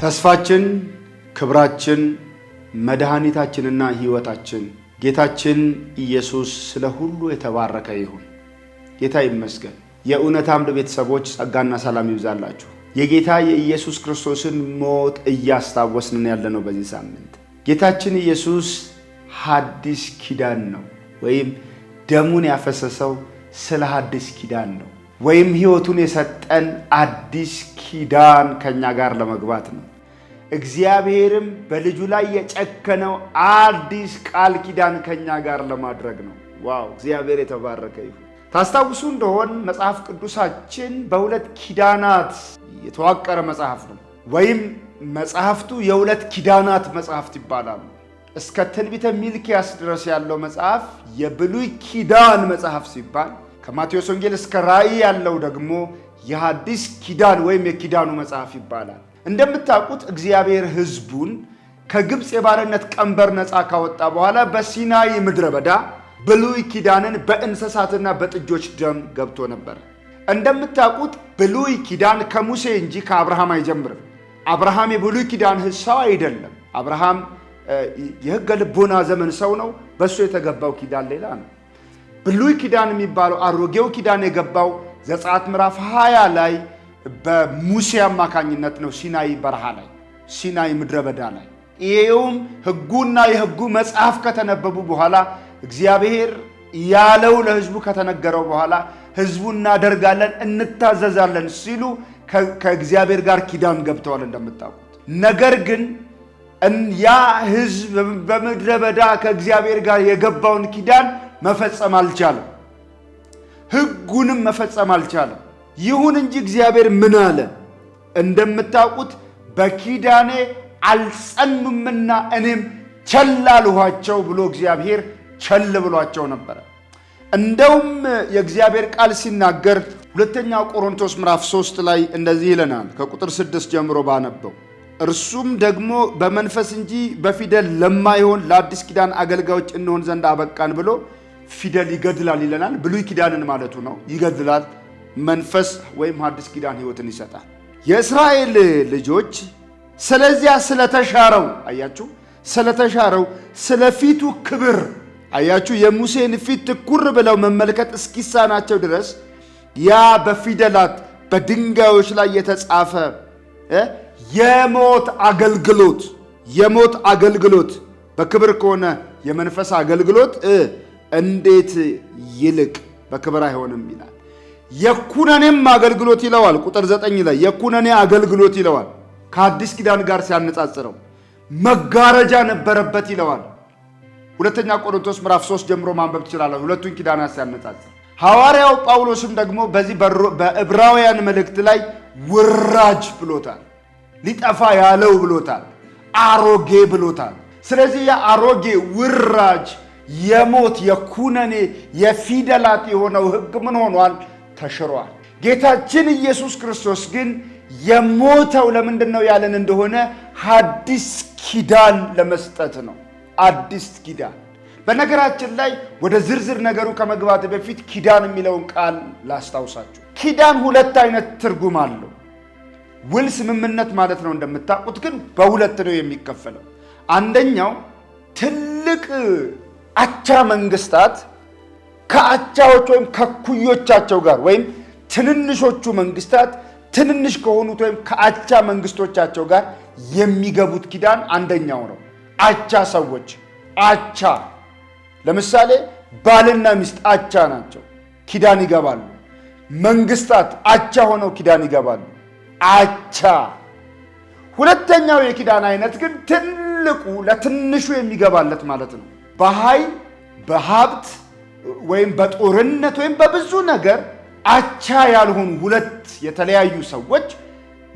ተስፋችን ክብራችን መድኃኒታችንና ሕይወታችን ጌታችን ኢየሱስ ስለ ሁሉ የተባረከ ይሁን። ጌታ ይመስገን። የእውነት አምድ ቤተሰቦች ጸጋና ሰላም ይብዛላችሁ። የጌታ የኢየሱስ ክርስቶስን ሞት እያስታወስንን ያለነው በዚህ ሳምንት ጌታችን ኢየሱስ ሐዲስ ኪዳን ነው ወይም ደሙን ያፈሰሰው ስለ ሐዲስ ኪዳን ነው ወይም ሕይወቱን የሰጠን አዲስ ኪዳን ከእኛ ጋር ለመግባት ነው። እግዚአብሔርም በልጁ ላይ የጨከነው አዲስ ቃል ኪዳን ከኛ ጋር ለማድረግ ነው። ዋው! እግዚአብሔር የተባረከ ይሁን። ታስታውሱ እንደሆን መጽሐፍ ቅዱሳችን በሁለት ኪዳናት የተዋቀረ መጽሐፍ ነው፣ ወይም መጽሐፍቱ የሁለት ኪዳናት መጽሐፍት ይባላሉ። እስከ ትንቢተ ሚልኪያስ ድረስ ያለው መጽሐፍ የብሉይ ኪዳን መጽሐፍ ሲባል ከማቴዎስ ወንጌል እስከ ራእይ ያለው ደግሞ የሐዲስ ኪዳን ወይም የኪዳኑ መጽሐፍ ይባላል። እንደምታውቁት እግዚአብሔር ሕዝቡን ከግብፅ የባርነት ቀንበር ነፃ ካወጣ በኋላ በሲናይ ምድረ በዳ ብሉይ ኪዳንን በእንስሳትና በጥጆች ደም ገብቶ ነበር። እንደምታውቁት ብሉይ ኪዳን ከሙሴ እንጂ ከአብርሃም አይጀምርም። አብርሃም የብሉይ ኪዳን ሰው አይደለም። አብርሃም የሕገ ልቦና ዘመን ሰው ነው። በእሱ የተገባው ኪዳን ሌላ ነው። ብሉይ ኪዳን የሚባለው አሮጌው ኪዳን የገባው ዘጸአት ምዕራፍ 20 ላይ በሙሴ አማካኝነት ነው ሲናይ በረሃ ላይ ሲናይ ምድረ በዳ ላይ ይሄውም ህጉና የህጉ መጽሐፍ ከተነበቡ በኋላ እግዚአብሔር ያለው ለህዝቡ ከተነገረው በኋላ ህዝቡ እናደርጋለን እንታዘዛለን ሲሉ ከእግዚአብሔር ጋር ኪዳን ገብተዋል እንደምታውቁት። ነገር ግን ያ ህዝብ በምድረ በዳ ከእግዚአብሔር ጋር የገባውን ኪዳን መፈጸም አልቻለም። ህጉንም መፈጸም አልቻለም። ይሁን እንጂ እግዚአብሔር ምን አለ? እንደምታውቁት በኪዳኔ አልጸኑምና እኔም ቸል አልኋቸው ብሎ እግዚአብሔር ቸል ብሏቸው ነበረ። እንደውም የእግዚአብሔር ቃል ሲናገር ሁለተኛ ቆሮንቶስ ምዕራፍ 3 ላይ እንደዚህ ይለናል። ከቁጥር 6 ጀምሮ ባነበው እርሱም ደግሞ በመንፈስ እንጂ በፊደል ለማይሆን ለአዲስ ኪዳን አገልጋዮች እንሆን ዘንድ አበቃን ብሎ ፊደል ይገድላል ይለናል። ብሉይ ኪዳንን ማለቱ ነው። ይገድላል መንፈስ ወይም አዲስ ኪዳን ህይወትን ይሰጣል። የእስራኤል ልጆች ስለዚያ ስለተሻረው አያችሁ፣ ስለተሻረው ስለፊቱ ክብር አያችሁ፣ የሙሴን ፊት ትኩር ብለው መመልከት እስኪሳናቸው ድረስ ያ በፊደላት በድንጋዮች ላይ የተጻፈ የሞት አገልግሎት የሞት አገልግሎት በክብር ከሆነ የመንፈስ አገልግሎት እንዴት ይልቅ በክብር አይሆንም ይላል። የኩነኔም አገልግሎት ይለዋል። ቁጥር ዘጠኝ ላይ የኩነኔ አገልግሎት ይለዋል። ከአዲስ ኪዳን ጋር ሲያነጻጽረው መጋረጃ ነበረበት ይለዋል። ሁለተኛ ቆሮንቶስ ምዕራፍ 3 ጀምሮ ማንበብ ትችላለህ። ሁለቱን ኪዳን ሲያነጻጽር ሐዋርያው ጳውሎስም ደግሞ በዚህ በዕብራውያን መልእክት ላይ ውራጅ ብሎታል። ሊጠፋ ያለው ብሎታል። አሮጌ ብሎታል። ስለዚህ የአሮጌ ውራጅ የሞት የኩነኔ የፊደላት የሆነው ሕግ ምን ሆኗል? ተሽሯል። ጌታችን ኢየሱስ ክርስቶስ ግን የሞተው ለምንድን ነው ያለን እንደሆነ ሀዲስ ኪዳን ለመስጠት ነው። አዲስ ኪዳን በነገራችን ላይ ወደ ዝርዝር ነገሩ ከመግባት በፊት ኪዳን የሚለውን ቃል ላስታውሳችሁ። ኪዳን ሁለት አይነት ትርጉም አለው። ውል ስምምነት ማለት ነው እንደምታውቁት፣ ግን በሁለት ነው የሚከፈለው። አንደኛው ትልቅ አቻ መንግስታት ከአቻዎች ወይም ከኩዮቻቸው ጋር ወይም ትንንሾቹ መንግስታት ትንንሽ ከሆኑት ወይም ከአቻ መንግስቶቻቸው ጋር የሚገቡት ኪዳን አንደኛው ነው። አቻ ሰዎች አቻ ለምሳሌ ባልና ሚስት አቻ ናቸው፣ ኪዳን ይገባሉ። መንግስታት አቻ ሆነው ኪዳን ይገባሉ። አቻ ሁለተኛው የኪዳን አይነት ግን ትልቁ ለትንሹ የሚገባለት ማለት ነው። በኃይል በሀብት ወይም በጦርነት ወይም በብዙ ነገር አቻ ያልሆኑ ሁለት የተለያዩ ሰዎች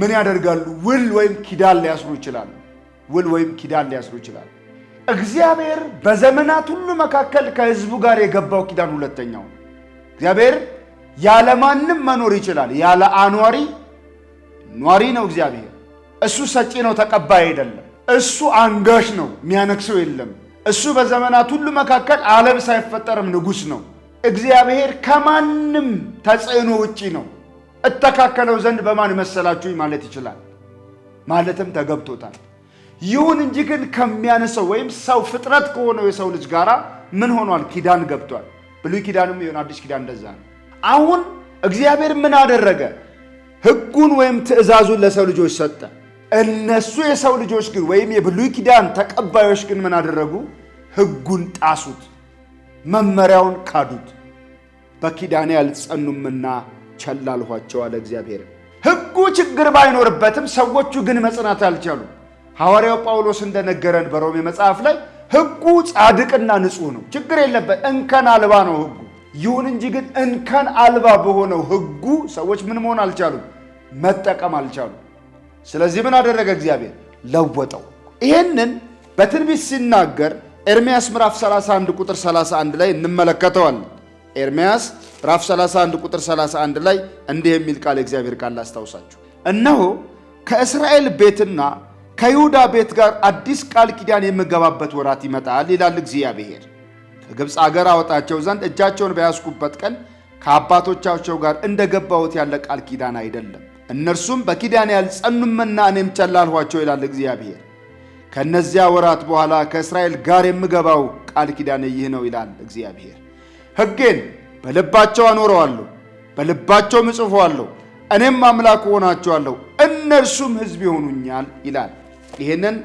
ምን ያደርጋሉ? ውል ወይም ኪዳን ሊያስሩ ይችላሉ። ውል ወይም ኪዳን ሊያስሩ ይችላሉ። እግዚአብሔር በዘመናት ሁሉ መካከል ከሕዝቡ ጋር የገባው ኪዳን ሁለተኛው ነው። እግዚአብሔር ያለ ማንም መኖር ይችላል። ያለ አኗሪ ኗሪ ነው እግዚአብሔር። እሱ ሰጪ ነው፣ ተቀባይ አይደለም። እሱ አንጋሽ ነው፣ የሚያነግሰው የለም። እሱ በዘመናት ሁሉ መካከል ዓለም ሳይፈጠርም ንጉሥ ነው። እግዚአብሔር ከማንም ተጽዕኖ ውጪ ነው። እተካከለው ዘንድ በማን መሰላችሁ ማለት ይችላል። ማለትም ተገብቶታል። ይሁን እንጂ ግን ከሚያነሰው ወይም ሰው ፍጥረት ከሆነው የሰው ልጅ ጋራ ምን ሆኗል? ኪዳን ገብቷል። ብሉይ ኪዳንም ይሁን አዲስ ኪዳን እንደዛ ነው። አሁን እግዚአብሔር ምን አደረገ? ሕጉን ወይም ትእዛዙን ለሰው ልጆች ሰጠ። እነሱ የሰው ልጆች ግን ወይም የብሉይ ኪዳን ተቀባዮች ግን ምን አደረጉ? ሕጉን ጣሱት፣ መመሪያውን ካዱት። በኪዳኔ አልጸኑምና ቸል አልኋቸው አለ እግዚአብሔር። ሕጉ ችግር ባይኖርበትም ሰዎቹ ግን መጽናት አልቻሉም። ሐዋርያው ጳውሎስ እንደነገረን በሮሜ መጽሐፍ ላይ ሕጉ ጻድቅና ንጹሕ ነው፣ ችግር የለበት፣ እንከን አልባ ነው ሕጉ። ይሁን እንጂ ግን እንከን አልባ በሆነው ሕጉ ሰዎች ምን መሆን አልቻሉም፣ መጠቀም አልቻሉም። ስለዚህ ምን አደረገ እግዚአብሔር? ለወጠው። ይህንን በትንቢት ሲናገር ኤርምያስ ምዕራፍ 31 ቁጥር 31 ላይ እንመለከተዋለን። ኤርምያስ ምዕራፍ 31 ቁጥር 31 ላይ እንዲህ የሚል ቃል እግዚአብሔር ቃል ላስታውሳችሁ። እነሆ ከእስራኤል ቤትና ከይሁዳ ቤት ጋር አዲስ ቃል ኪዳን የምገባበት ወራት ይመጣል ይላል እግዚአብሔር። ከግብፅ አገር አወጣቸው ዘንድ እጃቸውን በያዝኩበት ቀን ከአባቶቻቸው ጋር እንደገባሁት ያለ ቃል ኪዳን አይደለም እነርሱም በኪዳን ያልጸኑምና እኔም ቸል ይላል እግዚአብሔር። ከእነዚያ ወራት በኋላ ከእስራኤል ጋር የምገባው ቃል ኪዳን ይህ ነው ይላል እግዚአብሔር። ሕጌን በልባቸው አኖረዋለሁ፣ በልባቸውም እጽፈዋለሁ፣ እኔም አምላክ እሆናቸዋለሁ፣ እነርሱም ሕዝብ ይሆኑኛል ይላል። ይህንን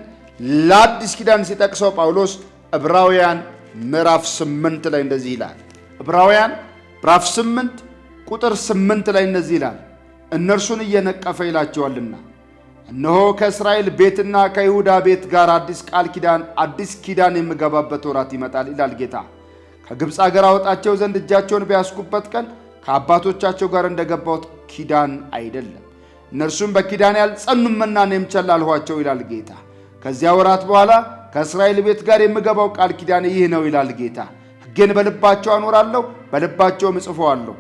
ለአዲስ ኪዳን ሲጠቅሰው ጳውሎስ ዕብራውያን ምዕራፍ ስምንት ላይ እንደዚህ ይላል። ዕብራውያን ምዕራፍ ስምንት ቁጥር ስምንት ላይ እንደዚህ ይላል እነርሱን እየነቀፈ ይላቸዋልና እነሆ ከእስራኤል ቤትና ከይሁዳ ቤት ጋር አዲስ ቃል ኪዳን አዲስ ኪዳን የምገባበት ወራት ይመጣል ይላል ጌታ። ከግብፅ አገር አወጣቸው ዘንድ እጃቸውን ቢያስኩበት ቀን ከአባቶቻቸው ጋር እንደገባሁት ኪዳን አይደለም። እነርሱም በኪዳን ያልጸኑምና እኔም ቸል አልኋቸው ይላል ጌታ። ከዚያ ወራት በኋላ ከእስራኤል ቤት ጋር የምገባው ቃል ኪዳን ይህ ነው ይላል ጌታ። ሕጌን በልባቸው አኖራለሁ፣ በልባቸውም እጽፈዋለሁ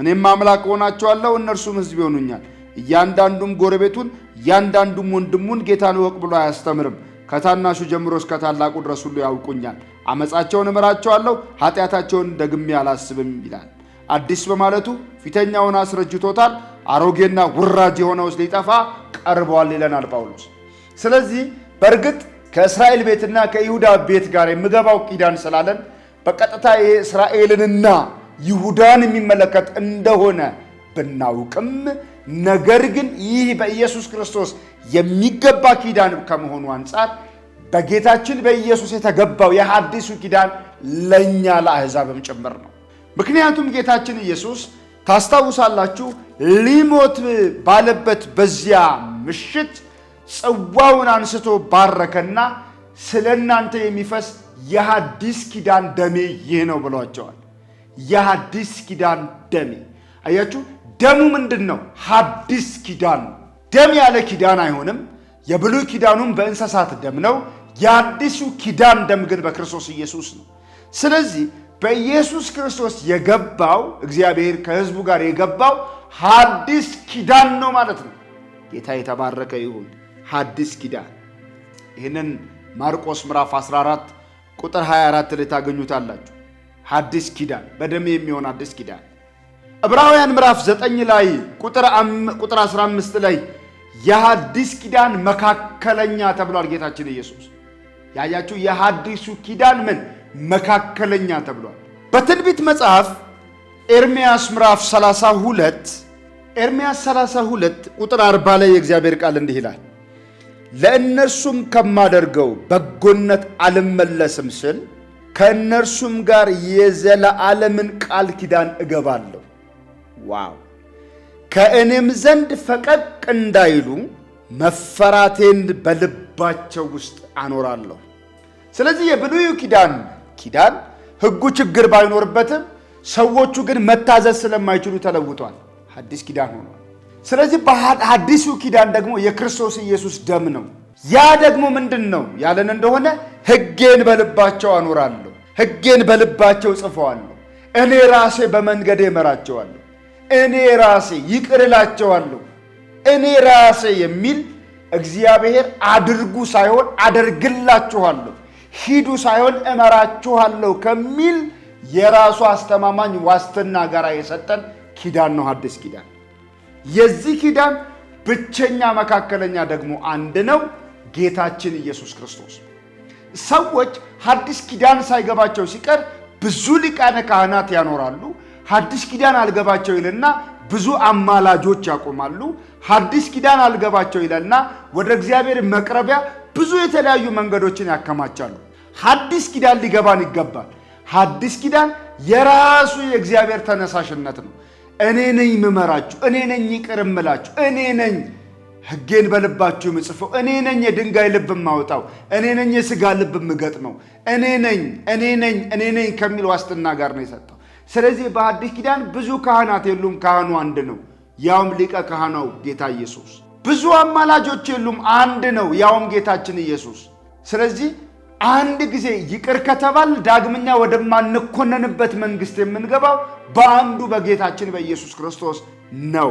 እኔም አምላክ እሆናቸዋለሁ እነርሱም ሕዝብ ይሆኑኛል። እያንዳንዱም ጎረቤቱን እያንዳንዱም ወንድሙን ጌታን እወቅ ብሎ አያስተምርም። ከታናሹ ጀምሮ እስከ ታላቁ ድረስ ሁሉ ያውቁኛል። አመፃቸውን እምራቸዋለሁ፣ ኃጢአታቸውን ደግሜ አላስብም ይላል። አዲስ በማለቱ ፊተኛውን አስረጅቶታል። አሮጌና ውራጅ የሆነውስ ሊጠፋ ቀርበዋል ይለናል ጳውሎስ። ስለዚህ በእርግጥ ከእስራኤል ቤትና ከይሁዳ ቤት ጋር የምገባው ኪዳን ስላለን በቀጥታ የእስራኤልንና ይሁዳን የሚመለከት እንደሆነ ብናውቅም ነገር ግን ይህ በኢየሱስ ክርስቶስ የሚገባ ኪዳን ከመሆኑ አንጻር በጌታችን በኢየሱስ የተገባው የአዲሱ ኪዳን ለእኛ ለአሕዛብም ጭምር ነው። ምክንያቱም ጌታችን ኢየሱስ ታስታውሳላችሁ፣ ሊሞት ባለበት በዚያ ምሽት ጽዋውን አንስቶ ባረከና ስለ እናንተ የሚፈስ የአዲስ ኪዳን ደሜ ይህ ነው ብሏቸዋል። የሐዲስ ኪዳን ደሜ። አያችሁ፣ ደሙ ምንድን ነው? ሐዲስ ኪዳን ነው። ደም ያለ ኪዳን አይሆንም። የብሉይ ኪዳኑም በእንስሳት ደም ነው። የአዲሱ ኪዳን ደም ግን በክርስቶስ ኢየሱስ ነው። ስለዚህ በኢየሱስ ክርስቶስ የገባው እግዚአብሔር ከሕዝቡ ጋር የገባው ሐዲስ ኪዳን ነው ማለት ነው። ጌታ የተባረከ ይሁን። ሐዲስ ኪዳን ይህንን ማርቆስ ምዕራፍ 14 ቁጥር 24 ላይ ታገኙታላችሁ። አዲስ ኪዳን በደም የሚሆን አዲስ ኪዳን ዕብራውያን ምዕራፍ 9 ላይ ቁጥር 15 ላይ የሐዲስ ኪዳን መካከለኛ ተብሏል። ጌታችን ኢየሱስ ያያችሁ፣ የሐዲሱ ኪዳን ምን መካከለኛ ተብሏል። በትንቢት መጽሐፍ ኤርምያስ ምዕራፍ 32 ኤርምያስ 32 ቁጥር 40 ላይ የእግዚአብሔር ቃል እንዲህ ይላል፣ ለእነርሱም ከማደርገው በጎነት አልመለስም ስል ከእነርሱም ጋር የዘለዓለምን ቃል ኪዳን እገባለሁ። ዋው! ከእኔም ዘንድ ፈቀቅ እንዳይሉ መፈራቴን በልባቸው ውስጥ አኖራለሁ። ስለዚህ የብሉዩ ኪዳን ኪዳን ሕጉ ችግር ባይኖርበትም ሰዎቹ ግን መታዘዝ ስለማይችሉ ተለውጧል፣ አዲስ ኪዳን ሆኗል። ስለዚህ በአዲሱ ኪዳን ደግሞ የክርስቶስ ኢየሱስ ደም ነው። ያ ደግሞ ምንድን ነው ያለን እንደሆነ ሕጌን በልባቸው አኖራለሁ፣ ሕጌን በልባቸው ጽፈዋለሁ። እኔ ራሴ በመንገዴ እመራቸዋለሁ፣ እኔ ራሴ ይቅር እላቸዋለሁ፣ እኔ ራሴ የሚል እግዚአብሔር አድርጉ ሳይሆን አደርግላችኋለሁ፣ ሂዱ ሳይሆን እመራችኋለሁ ከሚል የራሱ አስተማማኝ ዋስትና ጋር የሰጠን ኪዳን ነው አዲስ ኪዳን። የዚህ ኪዳን ብቸኛ መካከለኛ ደግሞ አንድ ነው፣ ጌታችን ኢየሱስ ክርስቶስ ሰዎች ሐዲስ ኪዳን ሳይገባቸው ሲቀር ብዙ ሊቃነ ካህናት ያኖራሉ። ሐዲስ ኪዳን አልገባቸው ይልና ብዙ አማላጆች ያቆማሉ። ሐዲስ ኪዳን አልገባቸው ይለና ወደ እግዚአብሔር መቅረቢያ ብዙ የተለያዩ መንገዶችን ያከማቻሉ። ሐዲስ ኪዳን ሊገባን ይገባል። ሐዲስ ኪዳን የራሱ የእግዚአብሔር ተነሳሽነት ነው። እኔ ነኝ ምመራችሁ፣ እኔ ነኝ ይቅር እምላችሁ፣ እኔ ነኝ ሕጌን በልባችሁ የምጽፈው እኔ ነኝ። የድንጋይ ልብ የማወጣው እኔ ነኝ። የስጋ ልብ የምገጥመው እኔ ነኝ። እኔ ነኝ። እኔ ነኝ ከሚል ዋስትና ጋር ነው የሰጠው። ስለዚህ በአዲስ ኪዳን ብዙ ካህናት የሉም፣ ካህኑ አንድ ነው፣ ያውም ሊቀ ካህናው ጌታ ኢየሱስ። ብዙ አማላጆች የሉም፣ አንድ ነው፣ ያውም ጌታችን ኢየሱስ። ስለዚህ አንድ ጊዜ ይቅር ከተባል ዳግመኛ ወደማንኮነንበት መንግሥት የምንገባው በአንዱ በጌታችን በኢየሱስ ክርስቶስ ነው።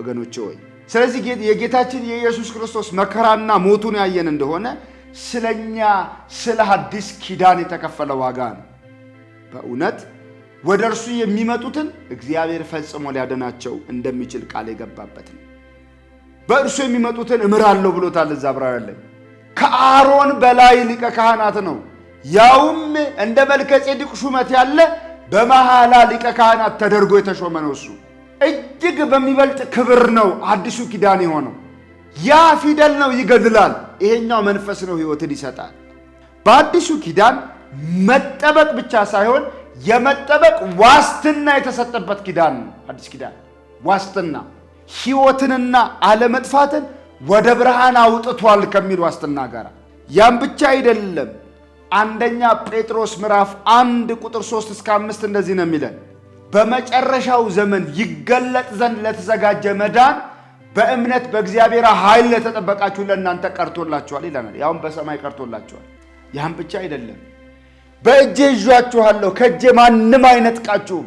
ወገኖቼ ወይ ስለዚህ የጌታችን የኢየሱስ ክርስቶስ መከራና ሞቱን ያየን እንደሆነ ስለኛ ስለ አዲስ ኪዳን የተከፈለ ዋጋ ነው። በእውነት ወደ እርሱ የሚመጡትን እግዚአብሔር ፈጽሞ ሊያድናቸው እንደሚችል ቃል የገባበት ነው። በእርሱ የሚመጡትን እምራለሁ ብሎታል። እዛ ዕብራውያን ላይ ከአሮን በላይ ሊቀ ካህናት ነው፣ ያውም እንደ መልከ ጼዴቅ ሹመት ያለ በመሐላ ሊቀ ካህናት ተደርጎ የተሾመ ነው እሱ እጅግ በሚበልጥ ክብር ነው አዲሱ ኪዳን የሆነው። ያ ፊደል ነው ይገድላል፣ ይሄኛው መንፈስ ነው ሕይወትን ይሰጣል። በአዲሱ ኪዳን መጠበቅ ብቻ ሳይሆን የመጠበቅ ዋስትና የተሰጠበት ኪዳን ነው። አዲስ ኪዳን ዋስትና ሕይወትንና አለመጥፋትን ወደ ብርሃን አውጥቷል ከሚል ዋስትና ጋር ያም ብቻ አይደለም። አንደኛ ጴጥሮስ ምዕራፍ አንድ ቁጥር ሶስት እስከ አምስት እንደዚህ ነው የሚለን በመጨረሻው ዘመን ይገለጥ ዘንድ ለተዘጋጀ መዳን በእምነት በእግዚአብሔር ኃይል ለተጠበቃችሁ ለእናንተ ቀርቶላችኋል ይለናል። ያሁን በሰማይ ቀርቶላችኋል። ያህም ብቻ አይደለም፣ በእጄ ይዣችኋለሁ፣ ከእጄ ማንም አይነጥቃችሁም።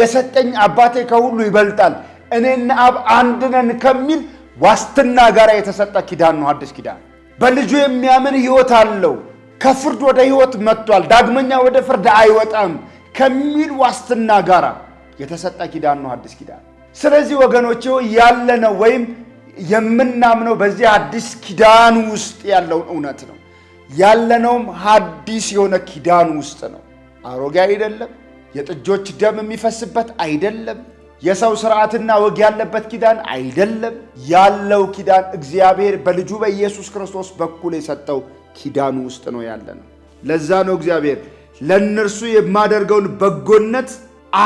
የሰጠኝ አባቴ ከሁሉ ይበልጣል፣ እኔና አብ አንድነን ከሚል ዋስትና ጋር የተሰጠ ኪዳን ነው። አዲስ ኪዳን በልጁ የሚያምን ሕይወት አለው። ከፍርድ ወደ ሕይወት መጥቷል። ዳግመኛ ወደ ፍርድ አይወጣም። ከሚል ዋስትና ጋር የተሰጠ ኪዳን ነው አዲስ ኪዳን። ስለዚህ ወገኖች ያለነው ወይም የምናምነው በዚህ አዲስ ኪዳን ውስጥ ያለውን እውነት ነው። ያለነውም አዲስ የሆነ ኪዳን ውስጥ ነው። አሮጌ አይደለም። የጥጆች ደም የሚፈስበት አይደለም። የሰው ስርዓትና ወግ ያለበት ኪዳን አይደለም። ያለው ኪዳን እግዚአብሔር በልጁ በኢየሱስ ክርስቶስ በኩል የሰጠው ኪዳን ውስጥ ነው ያለ ነው። ለዛ ነው እግዚአብሔር ለእነርሱ የማደርገውን በጎነት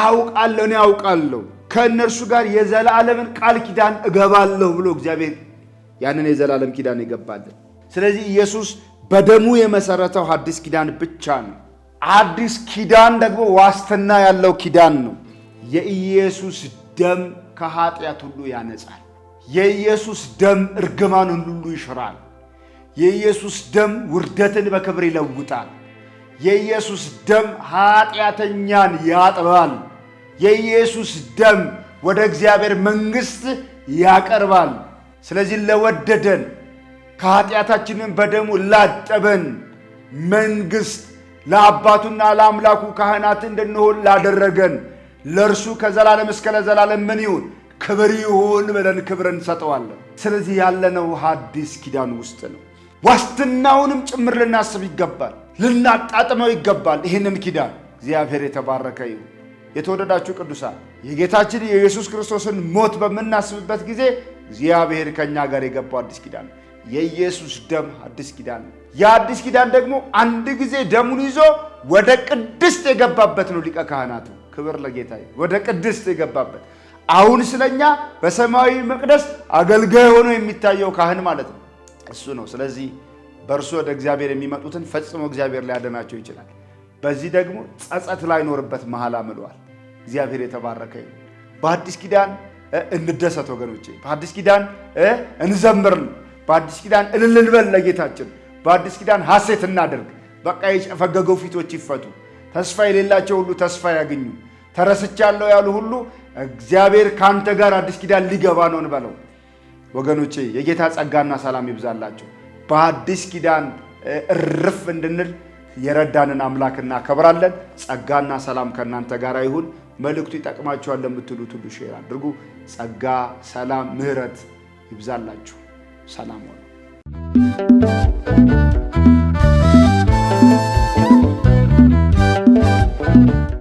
አውቃለሁ፣ እኔ አውቃለሁ፣ ከእነርሱ ጋር የዘላለምን ቃል ኪዳን እገባለሁ ብሎ እግዚአብሔር ያንን የዘላለም ኪዳን ይገባል። ስለዚህ ኢየሱስ በደሙ የመሰረተው አዲስ ኪዳን ብቻ ነው። አዲስ ኪዳን ደግሞ ዋስትና ያለው ኪዳን ነው። የኢየሱስ ደም ከኃጢአት ሁሉ ያነጻል። የኢየሱስ ደም እርግማንን ሁሉ ይሽራል። የኢየሱስ ደም ውርደትን በክብር ይለውጣል። የኢየሱስ ደም ኃጢአተኛን ያጥባል። የኢየሱስ ደም ወደ እግዚአብሔር መንግሥት ያቀርባል። ስለዚህ ለወደደን ከኃጢአታችንን በደሙ ላጠበን መንግሥት ለአባቱና ለአምላኩ ካህናት እንድንሆን ላደረገን ለእርሱ ከዘላለም እስከ ለዘላለም ምን ይሁን ክብር ይሁን ብለን ክብር እንሰጠዋለን። ስለዚህ ያለነው ሐዲስ ኪዳን ውስጥ ነው። ዋስትናውንም ጭምር ልናስብ ይገባል፣ ልናጣጥመው ይገባል። ይህንን ኪዳን እግዚአብሔር የተባረከ ይሁን። የተወደዳችሁ ቅዱሳን የጌታችን የኢየሱስ ክርስቶስን ሞት በምናስብበት ጊዜ እግዚአብሔር ከእኛ ጋር የገባው አዲስ ኪዳን ነው። የኢየሱስ ደም አዲስ ኪዳን ነው። የአዲስ ኪዳን ደግሞ አንድ ጊዜ ደሙን ይዞ ወደ ቅድስት የገባበት ነው። ሊቀ ካህናቱ ክብር ለጌታ። ወደ ቅድስት የገባበት አሁን ስለኛ በሰማያዊ መቅደስ አገልጋይ ሆኖ የሚታየው ካህን ማለት ነው። እሱ ነው። ስለዚህ በእርሱ ወደ እግዚአብሔር የሚመጡትን ፈጽሞ እግዚአብሔር ሊያደናቸው ይችላል። በዚህ ደግሞ ጸጸት ላይኖርበት መሐላ ምሏል። እግዚአብሔር የተባረከ ይሁን። በአዲስ ኪዳን እንደሰት ወገኖቼ፣ በአዲስ ኪዳን እንዘምር፣ በአዲስ ኪዳን እልልልበል ለጌታችን፣ በአዲስ ኪዳን ሐሴት እናደርግ። በቃ የጨፈገገው ፊቶች ይፈቱ፣ ተስፋ የሌላቸው ሁሉ ተስፋ ያገኙ፣ ተረስቻለሁ ያሉ ሁሉ እግዚአብሔር ከአንተ ጋር አዲስ ኪዳን ሊገባ ነው እንበለው። ወገኖቼ የጌታ ጸጋና ሰላም ይብዛላችሁ። በአዲስ ኪዳን እርፍ እንድንል የረዳንን አምላክ እናከብራለን። ጸጋና ሰላም ከእናንተ ጋር ይሁን። መልእክቱ ይጠቅማችኋል ለምትሉት ሁሉ ሼር አድርጉ። ጸጋ፣ ሰላም፣ ምሕረት ይብዛላችሁ። ሰላም ሆኑ።